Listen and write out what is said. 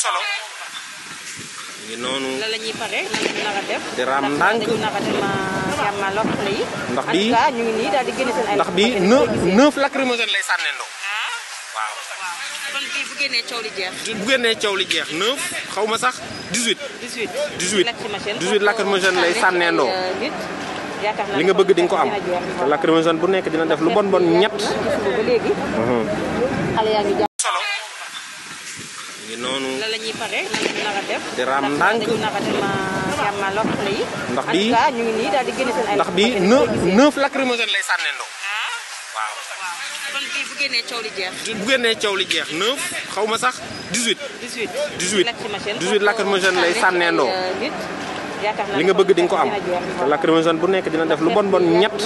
solo noonu lañuy pare di raam ndànk ah, ndax bi ndax bi neuf lacrymogène lay sànnendoo ah? waaw kon li jeex. bu génnee li jeex xaw ma sax 18. 18 18 18 lacrymogène lay sànneendoo euh, li nga bëgg di nga ko am lacrymogène bu nekk dina def lu bon bon ñett. noonu la la a def. di raam ndànk ah, ndax bi ñu ngi nii lay sànneendoo. Ah? waaw kon bii bu li jeex. bu xaw ma sax dix huit. dix huit dix huit dix huit lay sànneendoo. Euh, li nga bëgg di nga ko am lacrymogène bu nekk dina def lu bon bon ñett.